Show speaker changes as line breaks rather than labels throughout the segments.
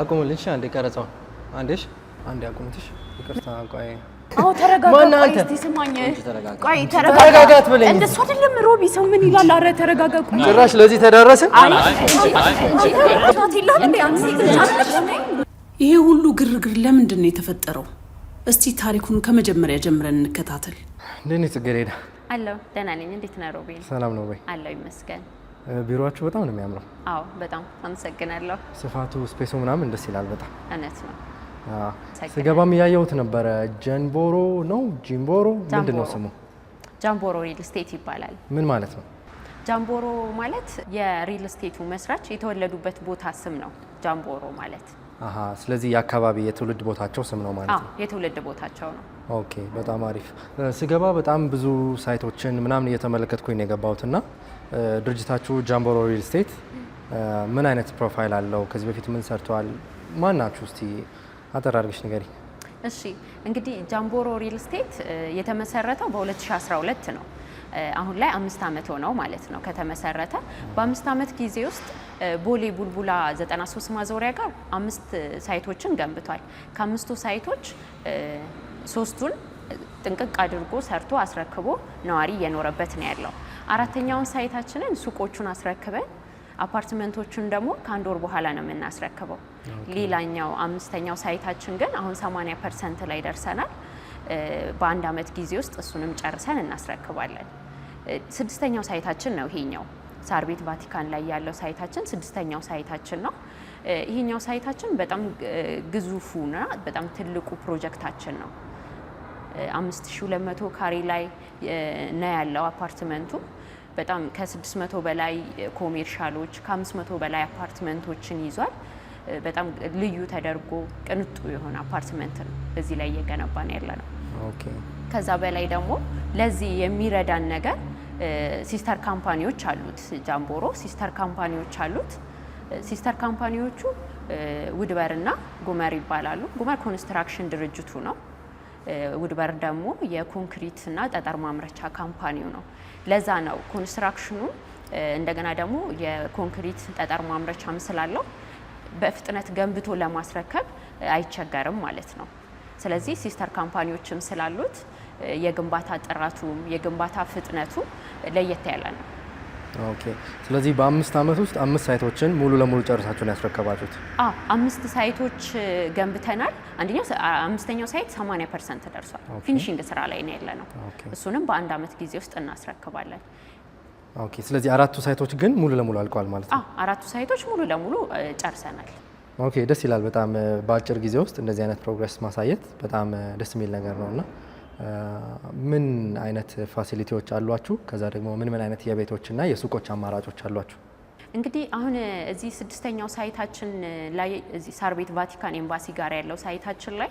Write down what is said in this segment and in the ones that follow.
አቁምልሽ። አንዴ ቀረጻው አንዴ አቁምትሽ። ይቅርታ ቆይ
አዎ እንደሱ አይደለም ሮቢ፣ ሰው ምን ይላል? ተረጋጋ።
ጭራሽ ለዚህ
ይሄ ሁሉ ግርግር ለምንድን ነው የተፈጠረው? እስቲ ታሪኩን ከመጀመሪያ ጀምረን እንከታተል።
እንደኔ ጽጌረዳ
አለሁ፣ ደህና ነኝ። እንዴት ነው ሮቢ? ሰላም ነው ወይ? አለሁ ይመስገን።
ቢሮዎቹ በጣም ነው የሚያምረው።
አዎ በጣም አመሰግናለሁ።
ስፋቱ ስፔሱ ምናምን ደስ ይላል በጣም እውነት ነው። ስገባም እያየሁት ነበረ። ጀንቦሮ ነው ጂምቦሮ
ምንድን ነው ስሙ? ጃምቦሮ ሪል ስቴት ይባላል። ምን ማለት ነው? ጃምቦሮ ማለት የሪል ስቴቱ መስራች የተወለዱበት ቦታ ስም ነው ጃምቦሮ ማለት።
አሀ ስለዚህ የአካባቢ የትውልድ ቦታቸው ስም ነው ማለት
ነው። የትውልድ ቦታቸው ነው።
ኦኬ በጣም አሪፍ። ስገባ በጣም ብዙ ሳይቶችን ምናምን እየተመለከትኩኝ ነው የገባሁትና ድርጅታችሁ ጃምቦሮ ሪል ስቴት ምን አይነት ፕሮፋይል አለው? ከዚህ በፊት ምን ሰርተዋል? ማን ናችሁ? እስቲ አጠር አድርገሽ ንገሪ።
እሺ እንግዲህ ጃምቦሮ ሪል ስቴት የተመሰረተው በ2012 ነው። አሁን ላይ አምስት ዓመት ሆነው ማለት ነው ከተመሰረተ። በአምስት ዓመት ጊዜ ውስጥ ቦሌ ቡልቡላ 93 ማዞሪያ ጋር አምስት ሳይቶችን ገንብቷል። ከአምስቱ ሳይቶች ሶስቱን ጥንቅቅ አድርጎ ሰርቶ አስረክቦ ነዋሪ እየኖረበት ነው ያለው። አራተኛውን ሳይታችንን ሱቆቹን አስረክበን አፓርትመንቶቹን ደግሞ ከአንድ ወር በኋላ ነው የምናስረክበው። ሌላኛው አምስተኛው ሳይታችን ግን አሁን 80 ፐርሰንት ላይ ደርሰናል። በአንድ አመት ጊዜ ውስጥ እሱንም ጨርሰን እናስረክባለን። ስድስተኛው ሳይታችን ነው ይሄኛው ሳር ቤት ቫቲካን ላይ ያለው ሳይታችን ስድስተኛው ሳይታችን ነው። ይሄኛው ሳይታችን በጣም ግዙፉና በጣም ትልቁ ፕሮጀክታችን ነው። 5200 ካሬ ላይ ነው ያለው አፓርትመንቱ። በጣም ከ600 በላይ ኮሜርሻሎች ከ500 በላይ አፓርትመንቶችን ይዟል። በጣም ልዩ ተደርጎ ቅንጡ የሆነ አፓርትመንት ነው እዚህ ላይ እየገነባን ያለ ነው። ከዛ በላይ ደግሞ ለዚህ የሚረዳን ነገር ሲስተር ካምፓኒዎች አሉት። ጃምቦሮ ሲስተር ካምፓኒዎች አሉት። ሲስተር ካምፓኒዎቹ ውድበርና ጉመር ይባላሉ። ጉመር ኮንስትራክሽን ድርጅቱ ነው። ውድበር ደግሞ የኮንክሪት እና ጠጠር ማምረቻ ካምፓኒው ነው። ለዛ ነው ኮንስትራክሽኑ እንደገና ደግሞ የኮንክሪት ጠጠር ማምረቻም ስላለው በፍጥነት ገንብቶ ለማስረከብ አይቸገርም ማለት ነው። ስለዚህ ሲስተር ካምፓኒዎችም ስላሉት የግንባታ ጥራቱ፣ የግንባታ ፍጥነቱ ለየት ያለ ነው።
ኦኬ። ስለዚህ በአምስት ዓመት ውስጥ አምስት ሳይቶችን ሙሉ ለሙሉ ጨርሳችሁን ያስረከባችሁት?
አምስት ሳይቶች ገንብተናል። አንደኛው አምስተኛው ሳይት 80 ፐርሰንት ደርሷል። ፊኒሽንግ ስራ ላይ ነው ያለ ነው። እሱንም በአንድ አመት ጊዜ ውስጥ እናስረክባለን።
ኦኬ። ስለዚህ አራቱ ሳይቶች ግን ሙሉ ለሙሉ አልቀዋል ማለት
ነው? አራቱ ሳይቶች ሙሉ ለሙሉ ጨርሰናል።
ኦኬ። ደስ ይላል። በጣም በአጭር ጊዜ ውስጥ እንደዚህ አይነት ፕሮግረስ ማሳየት በጣም ደስ የሚል ነገር ነውና ምን አይነት ፋሲሊቲዎች አሏችሁ? ከዛ ደግሞ ምን ምን አይነት የቤቶችና የሱቆች አማራጮች አሏችሁ?
እንግዲህ አሁን እዚህ ስድስተኛው ሳይታችን ላይ እዚህ ሳር ቤት ቫቲካን ኤምባሲ ጋር ያለው ሳይታችን ላይ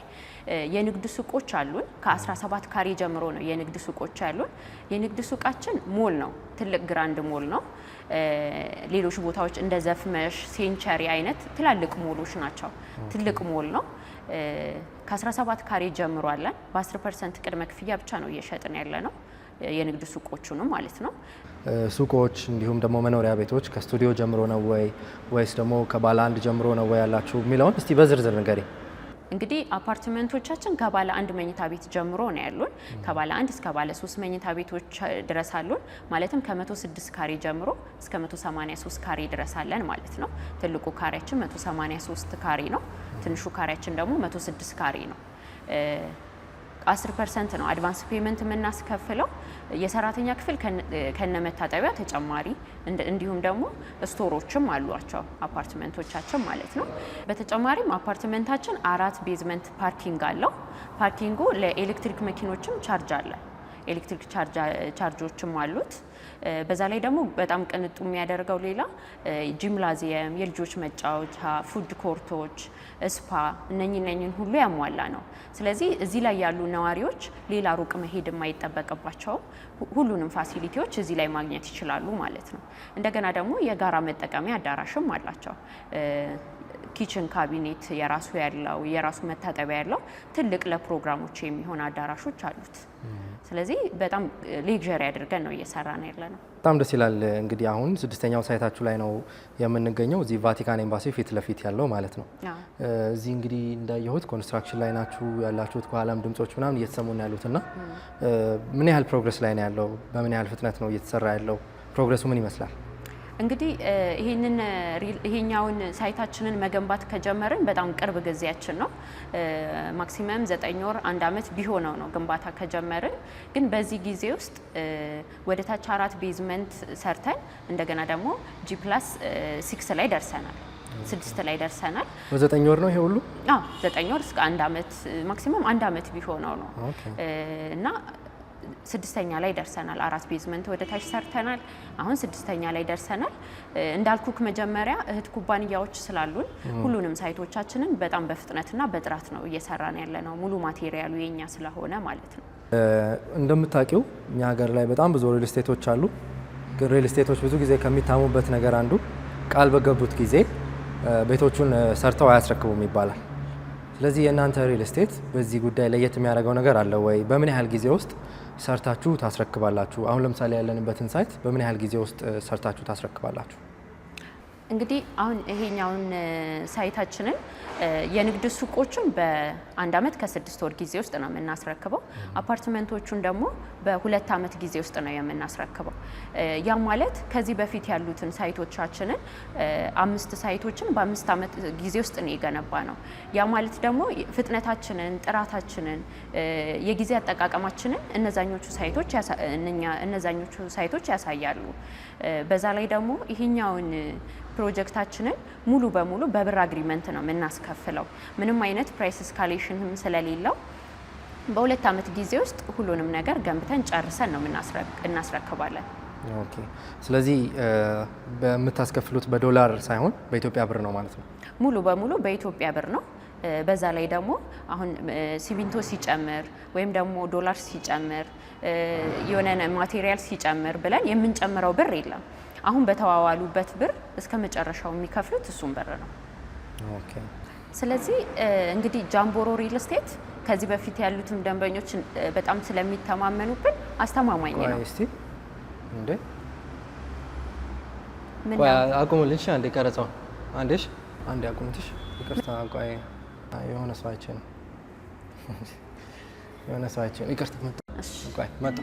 የንግድ ሱቆች አሉን። ከ17 ካሬ ጀምሮ ነው የንግድ ሱቆች አሉን። የንግድ ሱቃችን ሞል ነው፣ ትልቅ ግራንድ ሞል ነው። ሌሎች ቦታዎች እንደ ዘፍመሽ፣ ሴንቸሪ አይነት ትላልቅ ሞሎች ናቸው። ትልቅ ሞል ነው። ከ17 ካሬ ጀምሮ አለን። በ10 ፐርሰንት ቅድመ ክፍያ ብቻ ነው እየሸጥን ያለ ነው። የንግድ ሱቆቹንም ማለት ነው።
ሱቆች እንዲሁም ደግሞ መኖሪያ ቤቶች ከስቱዲዮ ጀምሮ ነው ወይ ወይስ ደግሞ ከባለ አንድ ጀምሮ ነው ወይ ያላችሁ የሚለውን እስቲ በዝርዝር ንገሪ።
እንግዲህ አፓርትመንቶቻችን ከባለ አንድ መኝታ ቤት ጀምሮ ነው ያሉን። ከባለ አንድ እስከ ባለ ሶስት መኝታ ቤቶች ድረስ አሉን። ማለትም ከ106 ካሬ ጀምሮ እስከ 183 ካሬ ድረስ አለን ማለት ነው። ትልቁ ካሬያችን 183 ካሬ ነው። ትንሹ ካሬያችን ደግሞ 106 ካሬ ነው። 10 ፐርሰንት ነው አድቫንስ ፔመንት የምናስከፍለው። የሰራተኛ ክፍል ከነመታጠቢያ ተጨማሪ እንዲሁም ደግሞ ስቶሮችም አሏቸው አፓርትመንቶቻችን ማለት ነው። በተጨማሪም አፓርትመንታችን አራት ቤዝመንት ፓርኪንግ አለው። ፓርኪንጉ ለኤሌክትሪክ መኪኖችም ቻርጅ አለ። ኤሌክትሪክ ቻርጆችም አሉት። በዛ ላይ ደግሞ በጣም ቅንጡ የሚያደርገው ሌላ ጂምናዚየም፣ የልጆች መጫወቻ፣ ፉድ ኮርቶች፣ ስፓ እነኚህ እነኚህን ሁሉ ያሟላ ነው። ስለዚህ እዚህ ላይ ያሉ ነዋሪዎች ሌላ ሩቅ መሄድ የማይጠበቅባቸውም ሁሉንም ፋሲሊቲዎች እዚህ ላይ ማግኘት ይችላሉ ማለት ነው። እንደገና ደግሞ የጋራ መጠቀሚያ አዳራሽም አላቸው። ኪችን ካቢኔት የራሱ ያለው የራሱ መታጠቢያ ያለው ትልቅ ለፕሮግራሞች የሚሆን አዳራሾች አሉት። ስለዚህ በጣም ሌክዠሪ አድርገን ነው እየሰራ ነው ያለ ነው።
በጣም ደስ ይላል። እንግዲህ አሁን ስድስተኛው ሳይታችሁ ላይ ነው የምንገኘው፣ እዚህ ቫቲካን ኤምባሲ ፊት ለፊት ያለው ማለት ነው። እዚህ እንግዲህ እንዳየሁት ኮንስትራክሽን ላይ ናችሁ ያላችሁት፣ ከኋላም ድምጾች ምናምን እየተሰሙ ነው ያሉት እና ምን ያህል ፕሮግረስ ላይ ነው ያለው? በምን ያህል ፍጥነት ነው እየተሰራ ያለው? ፕሮግረሱ ምን ይመስላል?
እንግዲህ ይህንን ይሄኛውን ሳይታችንን መገንባት ከጀመርን በጣም ቅርብ ጊዜያችን ነው። ማክሲመም ዘጠኝ ወር አንድ አመት ቢሆነው ነው ግንባታ ከጀመርን። ግን በዚህ ጊዜ ውስጥ ወደ ታች አራት ቤዝመንት ሰርተን እንደገና ደግሞ ጂ ፕላስ ሲክስ ላይ ደርሰናል፣ ስድስት ላይ ደርሰናል።
በዘጠኝ ወር ነው ይሄ ሁሉ?
አዎ ዘጠኝ ወር እስከ አንድ አመት ማክሲመም አንድ አመት ቢሆነው ነው እና ስድስተኛ ላይ ደርሰናል። አራት ቤዝመንት ወደ ታች ሰርተናል። አሁን ስድስተኛ ላይ ደርሰናል። እንዳልኩክ መጀመሪያ እህት ኩባንያዎች ስላሉን ሁሉንም ሳይቶቻችንን በጣም በፍጥነትና በጥራት ነው እየሰራን ያለ ነው። ሙሉ ማቴሪያሉ የኛ ስለሆነ ማለት ነው።
እንደምታውቂው እኛ ሀገር ላይ በጣም ብዙ ሪል ስቴቶች አሉ። ሪል ስቴቶች ብዙ ጊዜ ከሚታሙበት ነገር አንዱ ቃል በገቡት ጊዜ ቤቶቹን ሰርተው አያስረክቡም ይባላል። ስለዚህ የእናንተ ሪል ስቴት በዚህ ጉዳይ ለየት የሚያደርገው ነገር አለ ወይ? በምን ያህል ጊዜ ውስጥ ሰርታችሁ ታስረክባላችሁ? አሁን ለምሳሌ ያለንበትን ሳይት በምን ያህል ጊዜ ውስጥ ሰርታችሁ ታስረክባላችሁ?
እንግዲህ አሁን ይሄኛውን ሳይታችንን የንግድ ሱቆቹን በአንድ አመት ከስድስት ወር ጊዜ ውስጥ ነው የምናስረክበው። አፓርትመንቶቹን ደግሞ በሁለት አመት ጊዜ ውስጥ ነው የምናስረክበው። ያ ማለት ከዚህ በፊት ያሉትን ሳይቶቻችንን አምስት ሳይቶችን በአምስት አመት ጊዜ ውስጥ ነው የገነባ ነው። ያ ማለት ደግሞ ፍጥነታችንን፣ ጥራታችንን፣ የጊዜ አጠቃቀማችንን እነዛኞቹ ሳይቶች እነዛኞቹ ሳይቶች ያሳያሉ። በዛ ላይ ደግሞ ይሄኛውን ፕሮጀክታችንን ሙሉ በሙሉ በብር አግሪመንት ነው የምናስከፍለው። ምንም አይነት ፕራይስ እስካሌሽንም ስለሌለው በሁለት ዓመት ጊዜ ውስጥ ሁሉንም ነገር ገንብተን ጨርሰን ነው እናስረክባለን።
ኦኬ። ስለዚህ በምታስከፍሉት በዶላር ሳይሆን በኢትዮጵያ ብር ነው ማለት ነው።
ሙሉ በሙሉ በኢትዮጵያ ብር ነው። በዛ ላይ ደግሞ አሁን ሲሚንቶ ሲጨምር ወይም ደግሞ ዶላር ሲጨምር የሆነ ማቴሪያል ሲጨምር ብለን የምንጨምረው ብር የለም። አሁን በተዋዋሉበት ብር እስከ መጨረሻው የሚከፍሉት እሱን ብር ነው። ስለዚህ እንግዲህ ጃምቦሮ ሪል ስቴት ከዚህ በፊት ያሉትም ደንበኞች በጣም ስለሚተማመኑብን አስተማማኝ
ነው። አቁሙልሽ አንዴ ቀረጻውን አንዴሽ አንዴ አቁሙትሽ ይቅርታ የሆነ ሰዋችን የሆነ ሰዋችን ይቅርታ መጣ መጣ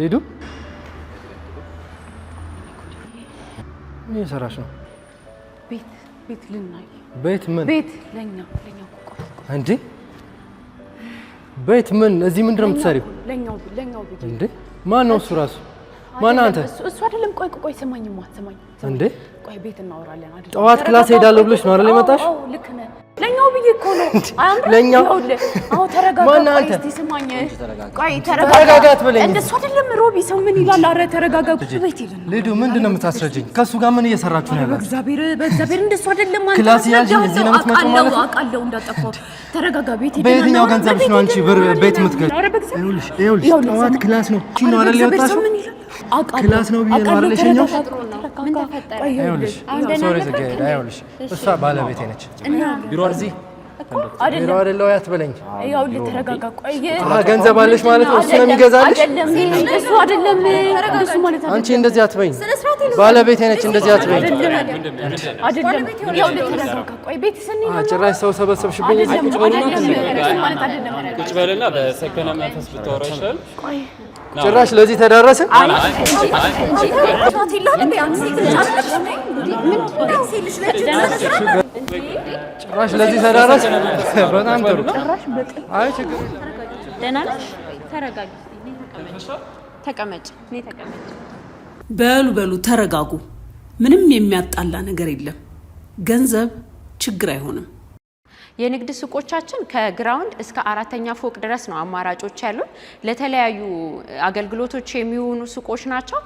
ሊዱ ምን እየሰራሽ ነው?
ቤት ቤት ልናይ ቤት ምን ቤት ለኛ ለኛ
እንዴ? ቤት ምን? እዚህ ምንድን ነው የምትሰሪው?
ለኛው ለኛው ቤት
እንዴ? ማን ነው እሱ? ራሱ ማን አንተ?
እሱ አይደለም። ቆይ ቆይ፣ ስማኝማ፣ ስማኝ እንዴ ቆይ ቤት እናወራለን
አይደል? ጠዋት ክላስ ሄዳለሁ ብሎሽ ነው አይደል የመጣሽ? አዎ
ልክ ነህ። ለኛው ብዬ እኮ ነው። ለኛው አዎ ተረጋጋ። ቆይ እስቲ ስማኝ። ቆይ ተረጋጋት ብለኝ እንደሱ አይደለም ሮቢ። ሰው ምን ይላል? አረ ተረጋጋ።
ቤት ይልና ልዱ ምንድን ነው የምታስረጅኝ? ጋር ምን እየሰራችሁ ነው?
በእግዚአብሔር እንደሱ አይደለም
ክላስ ያልሽኝ እዚህ ነው ማለት ነው። አውቃለሁ
እንዳጠፋሁ። ተረጋጋ። ቤት
ይልና በየትኛው ገንዘብሽ ነው አንቺ ብር ቤት ይኸውልሽ ይኸውልሽ ጠዋት ክላስ ነው ነው አይደል የወጣሽው? ክላስ ነው ብዬ ባለሽኛው እሷ ባለቤቴ ነች። አይደለም አትበለኝ።
ያው ልትረጋጋ
ገንዘብ አለሽ ማለት ነው እሱ ነው የሚገዛልሽ። አንቺ እንደዚህ አትበይኝ፣ ባለቤቴ ነች፣ እንደዚህ አትበይኝ። ጭራሽ ሰው ሰበሰብሽብኝ። ቁጭ በልና በሰከነ መንፈስ ብታወራ ጭራሽ ለዚህ ጭራሽ ለዚህ ተዳረስ። በጣም ጥሩ።
አይ ችግር ደህና ነሽ? ተረጋጊ። ተቀመጭ።
በሉ በሉ ተረጋጉ። ምንም የሚያጣላ ነገር የለም። ገንዘብ ችግር አይሆንም።
የንግድ ሱቆቻችን ከግራውንድ እስከ አራተኛ ፎቅ ድረስ ነው አማራጮች ያሉን። ለተለያዩ አገልግሎቶች የሚሆኑ ሱቆች ናቸው።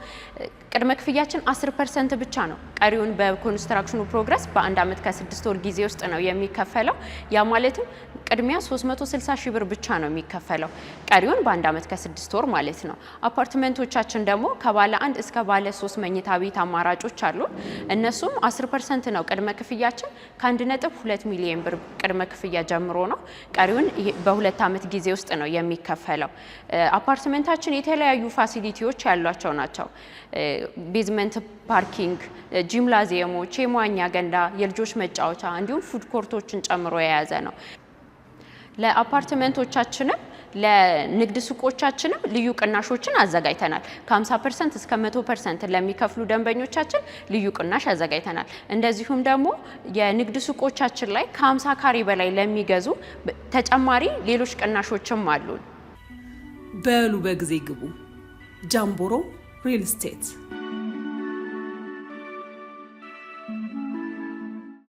ቅድመ ክፍያችን 10 ፐርሰንት ብቻ ነው። ቀሪውን በኮንስትራክሽኑ ፕሮግረስ በአንድ አመት ከስድስት ወር ጊዜ ውስጥ ነው የሚከፈለው። ያ ማለትም ቅድሚያ 360 ሺህ ብር ብቻ ነው የሚከፈለው፣ ቀሪውን በአንድ ዓመት ከስድስት ወር ማለት ነው። አፓርትመንቶቻችን ደግሞ ከባለ አንድ እስከ ባለ ሶስት መኝታ ቤት አማራጮች አሉ። እነሱም 10 ፐርሰንት ነው ቅድመ ክፍያችን ከአንድ ነጥብ ሁለት ሚሊዮን ብር ቅድመ ክፍያ ጀምሮ ነው። ቀሪውን በሁለት ዓመት ጊዜ ውስጥ ነው የሚከፈለው። አፓርትመንታችን የተለያዩ ፋሲሊቲዎች ያሏቸው ናቸው። ቤዝመንት ፓርኪንግ፣ ጂምላዚየሞች የመዋኛ ገንዳ፣ የልጆች መጫወቻ እንዲሁም ፉድ ኮርቶችን ጨምሮ የያዘ ነው። ለአፓርትመንቶቻችንም ለንግድ ሱቆቻችንም ልዩ ቅናሾችን አዘጋጅተናል። ከ50 ፐርሰንት እስከ 100 ፐርሰንት ለሚከፍሉ ደንበኞቻችን ልዩ ቅናሽ አዘጋጅተናል። እንደዚሁም ደግሞ የንግድ ሱቆቻችን ላይ ከ50 ካሬ በላይ ለሚገዙ ተጨማሪ ሌሎች ቅናሾችም አሉን።
በሉ በጊዜ ግቡ። ጃምቦሮ ሪል ስቴት